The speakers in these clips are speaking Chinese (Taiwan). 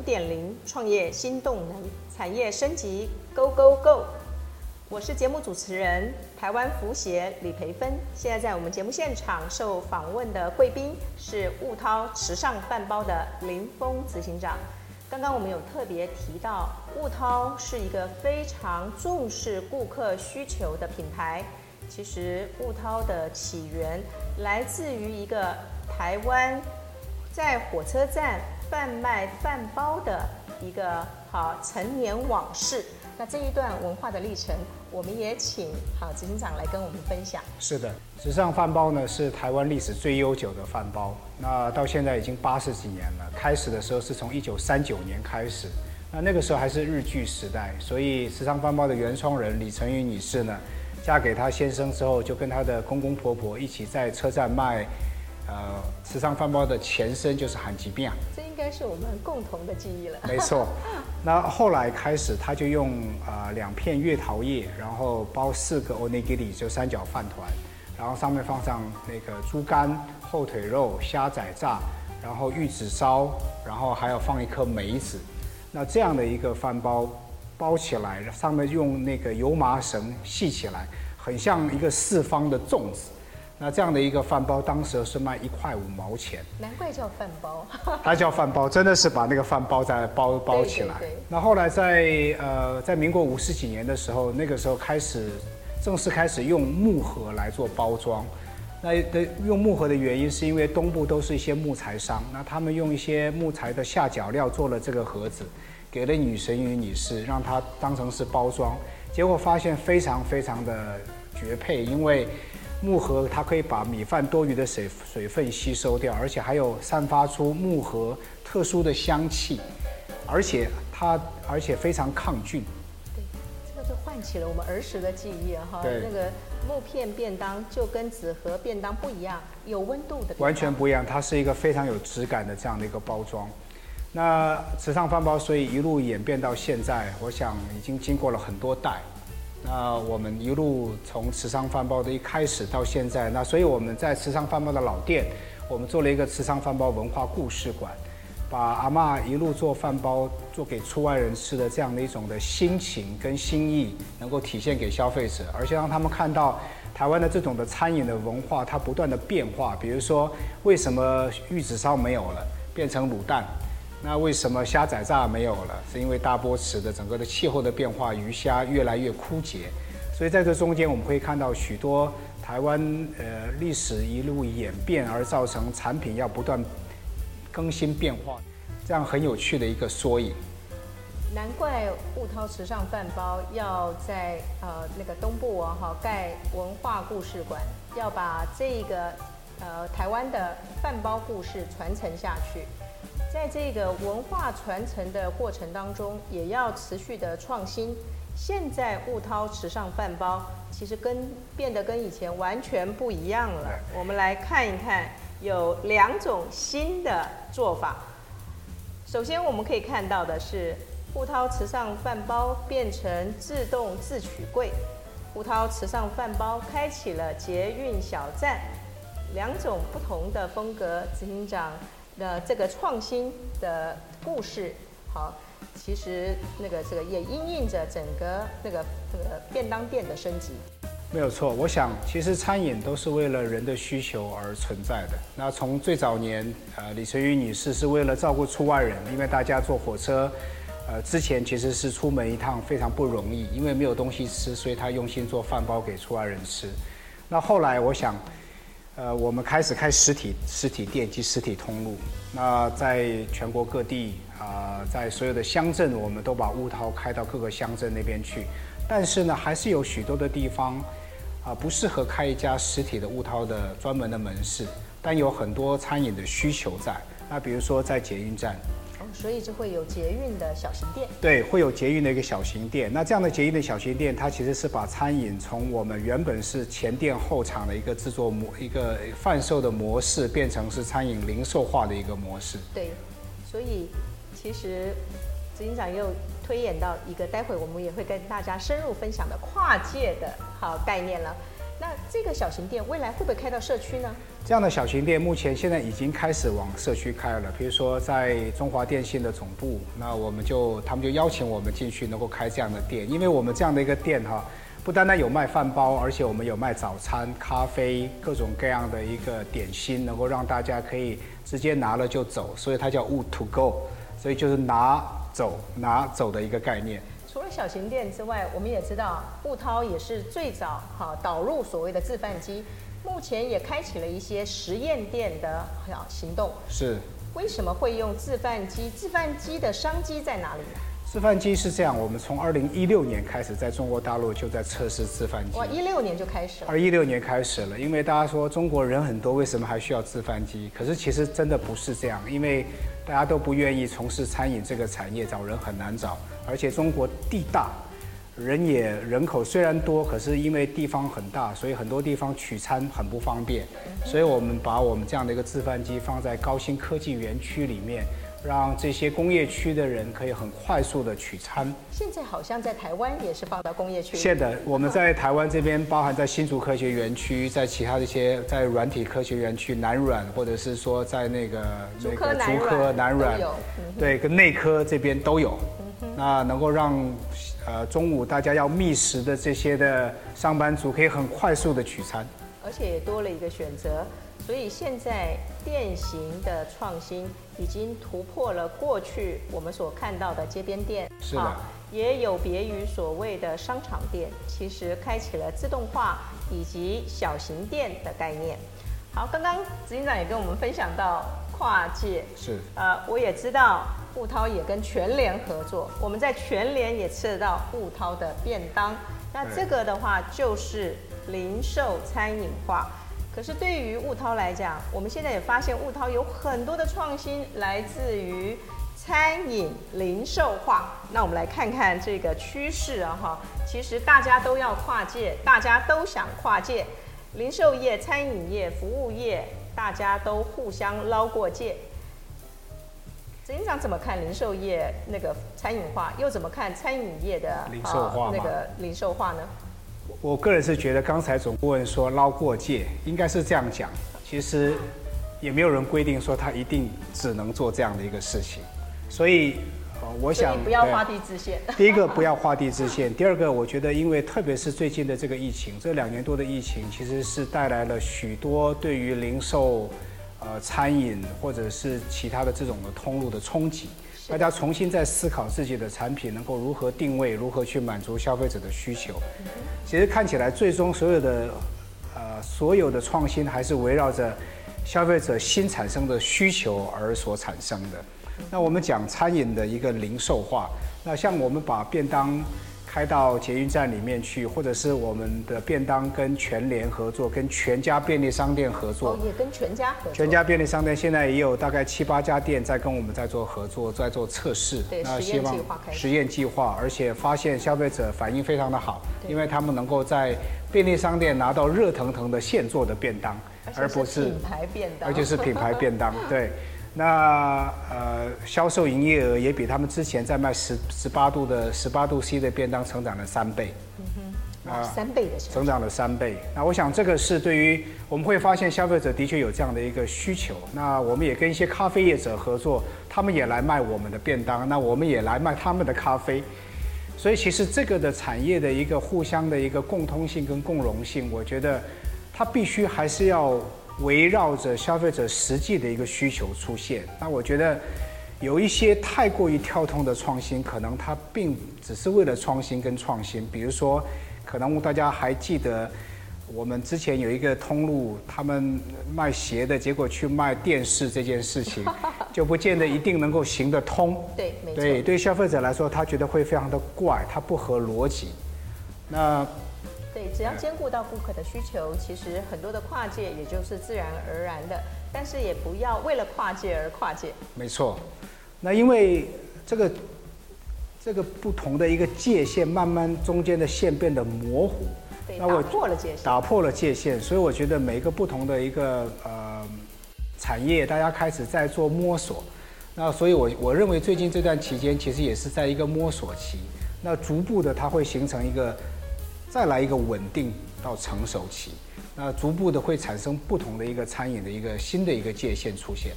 五點零，創業新動能，產業升級，Go Go Go！我是節目主持人台灣服協李培芬，現在在我們節目現場受訪問的貴賓是悟饕時尚飯包的林峰執行長。剛剛我們有特別提到，悟饕是一個非常重視顧客需求的品牌。其實悟饕的起源來自於一個台灣，在火車站。販賣飯包的一個好陳年往事，那這一段文化的歷程，我們也請好執行長來跟我們分享。是的，池上飯包呢，是台灣歷史最悠久的飯包，那到現在已經八十幾年了。開始的時候是從一九三九年開始，那那個時候還是日據時代，所以池上飯包的原創人李成雲女士呢，嫁給她先生之後，就跟她的公公婆婆一起在車站賣。呃，池上飯包的前身就是蕃薯餅，啊，這應該是我們共同的記憶了。 沒錯，那後來開始，他就用啊、呃、兩片月桃葉，然後包四個 onigiri，就三角飯糰，然後上面放上那個豬肝、後腿肉、蝦仔炸，然後玉子燒，然後還要放一顆梅子。那這樣的一個飯包包起來，上面用那個油麻繩繫起來，很像一個四方的粽子。那這樣的一個飯包，當時是賣一塊五毛錢。難怪叫飯包。它叫飯包，真的是把那個飯包再包包起來。那後來在呃，在民國五十幾年的時候，那個時候開始正式開始用木盒來做包裝。那的用木盒的原因是因為東部都是一些木材商，那他們用一些木材的下腳料做了這個盒子，給了女神與女士，讓她當成是包裝，結果發現非常非常的絕配，因為。木盒它可以把米飯多餘的水水分吸收掉，而且還有散發出木盒特殊的香氣，而且它而且非常抗菌。對，這個是喚起了我們兒時的記憶哈、啊。對那個木片便當就跟紙盒便當不一樣，有溫度的。完全不一樣，它是一個非常有質感的這樣的一個包裝。那池上飯包，所以一路演變到現在，我想已經經過了很多代。那我們一路從池上飯包的一開始到現在，那所以我們在池上飯包的老店，我們做了一個池上飯包文化故事館，把阿嬤一路做飯包做給出外人吃的這樣的一種的心情跟心意，能夠體現給消費者，而且讓他們看到台灣的這種的餐飲的文化它不斷的變化，比如說為什麼玉子燒沒有了，變成滷蛋。那為什麼蝦仔炸沒有了？是因為大波池的整個的氣候的變化，魚蝦越來越枯竭，所以在這中間，我們可以看到許多台灣呃歷史一路演變而造成產品要不斷更新變化，這樣很有趣的一個縮影。難怪悟饕池上飯包要在呃那個東部文哈蓋文化故事館，要把這個呃台灣的飯包故事傳承下去。在這個文化傳承的過程當中，也要持續的創新。現在悟饕池上飯包其實跟變得跟以前完全不一樣了。我們來看一看，有兩種新的做法。首先我們可以看到的是，悟饕池上飯包變成自動自取櫃，悟饕池上飯包開啟了捷運小站，兩種不同的風格。執行長。的這個創新的故事，好，其實那個這個也因應着整個那個這個、呃、便當店的升級。沒有錯，我想其實餐飲都是為了人的需求而存在的。那從最早年，呃，李晨宇女士是為了照顧出外人，因為大家坐火車，呃，之前其實是出門一趟非常不容易，因為沒有東西吃，所以她用心做飯包給出外人吃。那後來我想。呃，我們開始開實體實體店及實體通路。那在全國各地啊、呃，在所有的鄉鎮，我們都把悟饕開到各個鄉鎮那邊去。但是呢，還是有許多的地方啊、呃、不適合開一家實體的悟饕的專門的門市。但有很多餐飲的需求在。那比如說在捷運站。所以就會有捷運的小型店，對，會有捷運的一個小型店。那這樣的捷運的小型店，它其實是把餐飲從我們原本是前店後廠的一個制作模、一個販售的模式，變成是餐飲零售化的一個模式。對，所以其實執行長又推演到一個，待會我們也會跟大家深入分享的跨界的好概念了。那這個小型店未來會不會開到社區呢？這樣的小型店目前現在已經開始往社區開了，比如說在中華電信的總部，那我們就他們就邀請我們進去能夠開這樣的店，因為我們這樣的一個店哈，不單單有賣飯包，而且我們有賣早餐、咖啡、各種各樣的一個點心，能夠讓大家可以直接拿了就走，所以它叫悟 to go，所以就是拿走拿走的一個概念。除了小型店之外，我們也知道悟饕也是最早哈導入所謂的制飯機。目前也開啟了一些實驗店的行動，是，為什麼會用自販機？自販機的商機在哪裡呢？自販機是這樣，我們從二零一六年開始，在中國大陸就在測試自販機。哇，一六年就開始了。二零一六年開始了，因為大家說中國人很多，為什麼還需要自販機？可是其實真的不是這樣，因為大家都不願意從事餐飲這個產業，找人很難找，而且中國地大。.人也人口雖然多，可是因為地方很大，所以很多地方取餐很不方便。嗯、哼所以我們把我們這樣的一個自販機放在高新科技園區裡面，讓這些工業區的人可以很快速的取餐。現在好像在台灣也是放到工業區。現的。我們在台灣這邊，包含在新竹科學園區，在其他一些在軟體科學園區南軟，或者是說在那個竹科，竹科南軟，嗯、對，跟內科這邊都有，嗯、哼那能夠讓。呃，中午大家要覓食的這些的上班族可以很快速的取餐，而且也多了一個選擇。所以現在店型的創新已經突破了過去我們所看到的街邊店，啊、是的，也有別於所謂的商場店，其實開啟了自動化以及小型店的概念。好，剛剛執行長也跟我們分享到。跨界是，呃，我也知道悟饕也跟全聯合作，我們在全聯也吃得到悟饕的便當。那這個的話、嗯、就是零售餐飲化。可是對於悟饕來講，我們現在也發現悟饕有很多的創新來自於餐飲零售化。那我們來看看這個趨勢啊哈，其實大家都要跨界，大家都想跨界，零售業、餐飲業、服務業。大家都互相撈過界。執行長怎麼看零售業那個餐飲化，又怎麼看餐飲業的零售化，哦，那個零售化呢？我，我個人是覺得，剛才總顧問說撈過界，應該是這樣講。其實也沒有人規定說他一定只能做這樣的一個事情，所以。我想，你不要畫地自限。第一個不要畫地自限。 第二個，我覺得，因為特別是最近的這個疫情，這兩年多的疫情，其實是帶來了許多對於零售、呃餐飲或者是其他的這種的通路的衝擊。的大家重新在思考自己的產品能夠如何定位，如何去滿足消費者的需求。嗯、哼其實看起來，最終所有的呃所有的創新還是圍繞着消費者新產生的需求而所產生的。那我們講餐飲的一個零售化，那像我們把便當開到捷運站裡面去，或者是我們的便當跟全聯合作，跟全家便利商店合作，哦，也跟全家合作。全家便利商店現在也有大概七八家店在跟我們在做合作，在做測試。對，那希望實驗計劃開始。實驗計劃，而且發現消費者反應非常的好，對因為他們能夠在便利商店拿到熱騰騰的現做的便當，而不是品牌便當而，而且是品牌便當， 對。那呃，銷售營業額也比他們之前在賣十十八度的十八度 C 的便當成長了三倍，嗯哼，啊，呃、三倍的成長了三倍。那我想這個是對於我們會發現消費者的確有這樣的一個需求。那我們也跟一些咖啡業者合作，他們也來賣我們的便當，那我們也來賣他們的咖啡。所以其實這個的產業的一個互相的一個共通性跟共融性，我覺得它必須還是要。圍繞着消費者實際的一個需求出現，那我覺得，有一些太過於跳通的創新，可能它並只是為了創新跟創新。比如說，可能大家還記得，我們之前有一個通路，他們賣鞋的結果去賣電視這件事情，就不見得一定能夠行得通。對，沒錯。對，對消費者來說，他覺得會非常的怪，他不合邏輯。那。對，只要兼顧到顧客的需求，其實很多的跨界也就是自然而然的，但是也不要為了跨界而跨界。沒錯，那因為這個這個不同的一個界限，慢慢中間的線變得模糊，對那我打破了界限，打破了界限，所以我覺得每一個不同的一個呃產業，大家開始在做摸索，那所以我，我我認為最近這段期間其實也是在一個摸索期，那逐步的它會形成一個。再來一個穩定到成熟期，那逐步的會產生不同的一個餐飲的一個新的一個界限出現。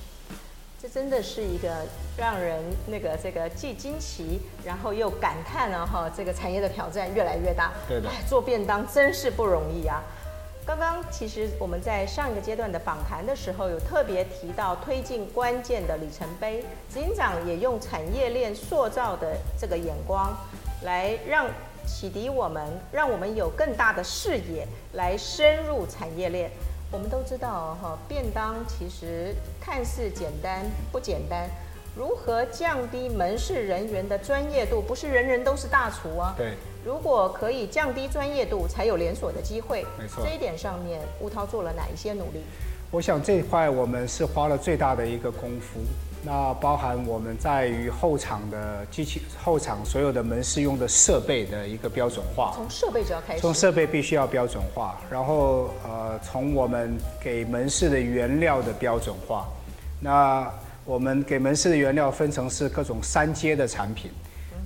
這真的是一個讓人那個這個既驚奇，然後又感嘆了、啊、哈，這個產業的挑戰越來越大。對的，做便當真是不容易啊。剛剛其實我們在上一個階段的訪談的時候，有特別提到推進關鍵的里程碑，執行長也用產業鏈塑造的這個眼光來讓。啟迪我們，讓我們有更大的視野來深入產業鏈。我們都知道哈，便當其實看似簡單，不簡單。如何降低門市人員的專業度？不是人人都是大廚啊。對。如果可以降低專業度，才有連鎖的機會。沒錯。這一點上面，悟饕做了哪一些努力？我想這塊我們是花了最大的一個功夫。那包含我們在於後場的機器、後場所有的門市用的設備的一個標準化，從設備就要開始，從設備必須要標準化，然後呃，從我們給門市的原料的標準化。那我們給門市的原料分成是各種三階的產品，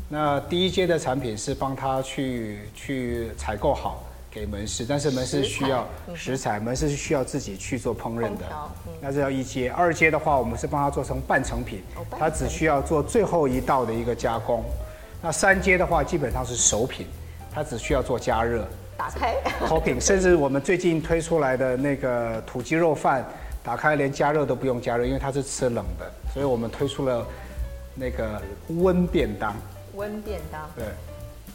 那第一階的產品是幫他去去採購好，給門市，但是門市需要食材，嗯、哼食材門市是需要自己去做烹飪的，嗯、那是要一階。二階的話，我們是幫他做成半成品，他、哦、只需要做最後一道的一個加工。那三階的話，基本上是熟品，它只需要做加熱。打開菜。h o 甚至我們最近推出來的那個土雞肉飯，打開 連加熱都不用加熱，因為它是吃冷的，所以我們推出了那個溫便當。溫便當。對。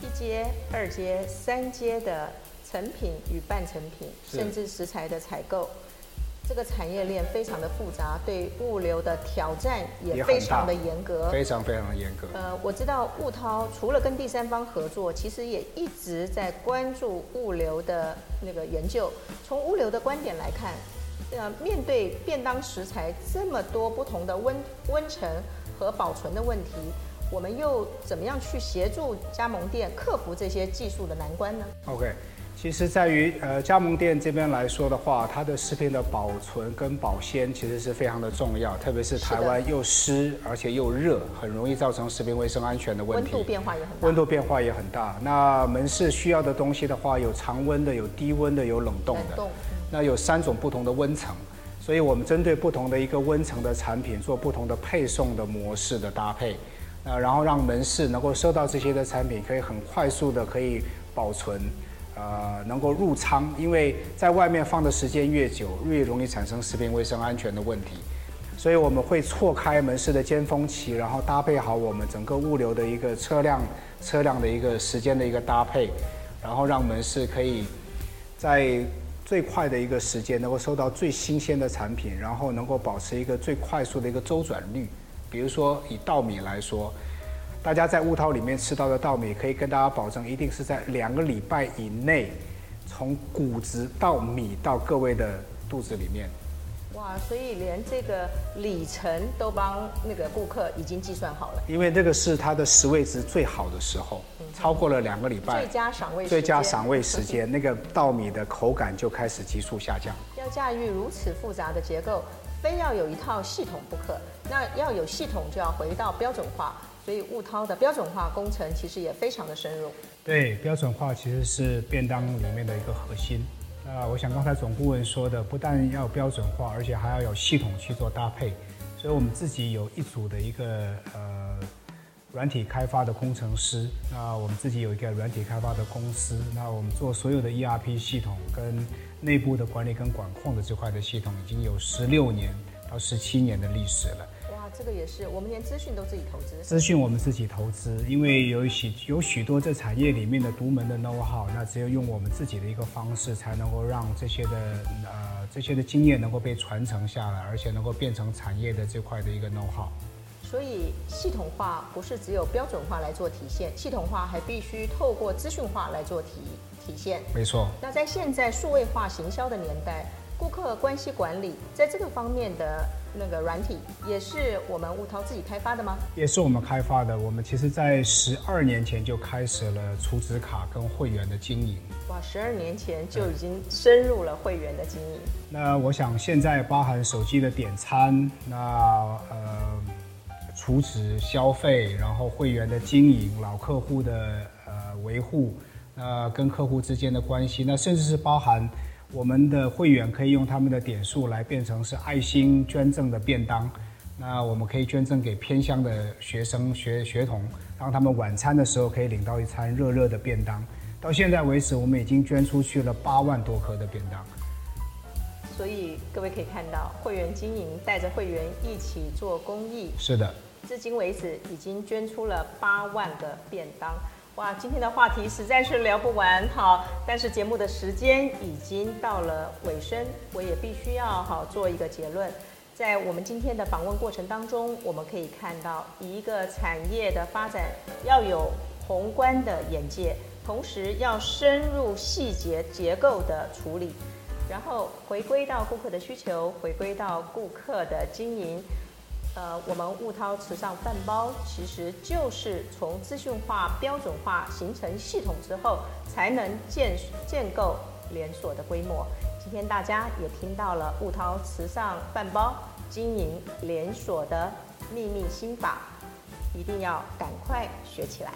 一階、二階、三階的。成品與半成品，甚至食材的採購，是這個產業鏈非常的複雜，對物流的挑戰也非常的嚴格，非常非常的嚴格。呃，我知道悟饕除了跟第三方合作，其實也一直在關注物流的那個研究。從物流的觀點來看，呃，面對便當食材這麼多不同的溫溫層和保存的問題，我們又怎麼樣去協助加盟店克服這些技術的難關呢？OK。其實，在於呃加盟店這邊來說的話，它的食品的保存跟保鮮其實是非常的重要。特別是台灣又濕而且又熱，很容易造成食品衛生安全的問題。溫度變化也很大。溫度變化也很大。那門市需要的東西的話，有常溫的，有低溫的，有冷凍的。冷凍。那有三種不同的溫層，所以我們針對不同的一個溫層的產品做不同的配送的模式的搭配，那然後讓門市能夠收到這些的產品，可以很快速的可以保存。呃，能夠入倉，因為在外面放的時間越久，越容易產生食品衛生安全的問題，所以我們會錯開門市的尖峰期，然後搭配好我們整個物流的一個車輛、車輛的一個時間的一個搭配，然後讓門市可以在最快的一個時間能夠收到最新鮮的產品，然後能夠保持一個最快速的一個周轉率。比如說以稻米來說。大家在悟饕裡面吃到的稻米，可以跟大家保證，一定是在兩個禮拜以內，從穀子到米到各位的肚子裡面。哇！所以連這個里程都幫那個顧客已經計算好了。因為這個是它的食味值最好的時候，嗯、超過了兩個禮拜。最佳賞味最佳賞味時間，的那個稻米的口感就開始急速下降。要駕馭如此複雜的結構，非要有一套系統不可。那要有系統，就要回到標準化。所以悟饕的標準化工程其實也非常的深入。對，標準化其實是便當裡面的一個核心。那我想剛才總顧問說的，不但要標準化，而且還要有系統去做搭配。所以我們自己有一組的一個呃軟體開發的工程師。那我們自己有一個軟體開發的公司。那我們做所有的 ERP 系統跟內部的管理跟管控的這塊的系統，已經有十六年到十七年的歷史了。這個也是，我們連資訊都自己投資。資訊我們自己投資，因為有許有許多這產業裡面的獨門的 know how，那只有用我們自己的一個方式，才能夠讓這些的呃這些的經驗能夠被傳承下來，而且能夠變成產業的這塊的一個 know how。所以系統化不是只有標準化來做體現，系統化還必須透過資訊化來做體體現。沒錯。那在現在數位化行銷的年代，顧客關係管理在這個方面的。那個軟體也是我們悟饕自己開發的嗎？也是我們開發的。我們其實在十二年前就開始了儲值卡跟會員的經營。哇，十二年前就已經深入了會員的經營。嗯、那我想，現在包含手機的點餐，那呃，儲值消費，然後會員的經營，老客戶的呃維護，那、呃、跟客戶之間的關係，那甚至是包含。我們的會員可以用他們的點數來變成是愛心捐贈的便當，那我們可以捐贈給偏鄉的學生學學童，讓他們晚餐的時候可以領到一餐熱熱的便當。到現在為止，我們已經捐出去了八萬多顆的便當。所以各位可以看到，會員經營帶着會員一起做公益。是的，至今為止已經捐出了八萬個的便當。哇，今天的話題實在是聊不完。好，但是節目的時間已經到了尾聲，我也必須要好做一個結論。在我們今天的訪問過程當中，我們可以看到，一個產業的發展要有宏觀的眼界，同時要深入細節結構的處理，然後回歸到顧客的需求，回歸到顧客的經營。呃，我們悟饕池上飯包其實就是從資訊化、標準化形成系統之後，才能建建構連鎖的規模。今天大家也聽到了悟饕池上飯包經營連鎖的秘密心法，一定要趕快學起來。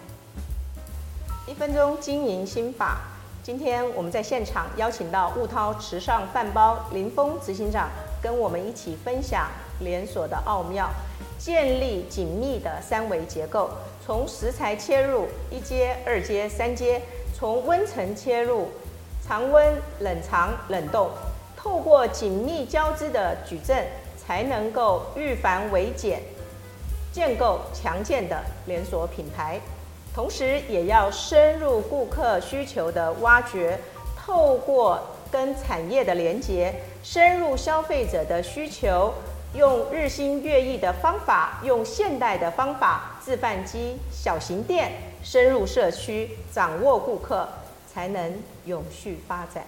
一分鐘經營心法，今天我們在現場邀請到悟饕池上飯包林峰執行長，跟我們一起分享。連鎖的奧妙，建立緊密的三維結構，從食材切入，一階、二階、三階；從溫層切入，常溫、冷藏、冷凍。透過緊密交織的矩陣，才能夠禦繁為簡，建構強健的連鎖品牌。同時，也要深入顧客需求的挖掘，透過跟產業的連接，深入消費者的需求。用日新月異的方法，用現代的方法，自販機、小型店，深入社區，掌握顧客，才能永續發展。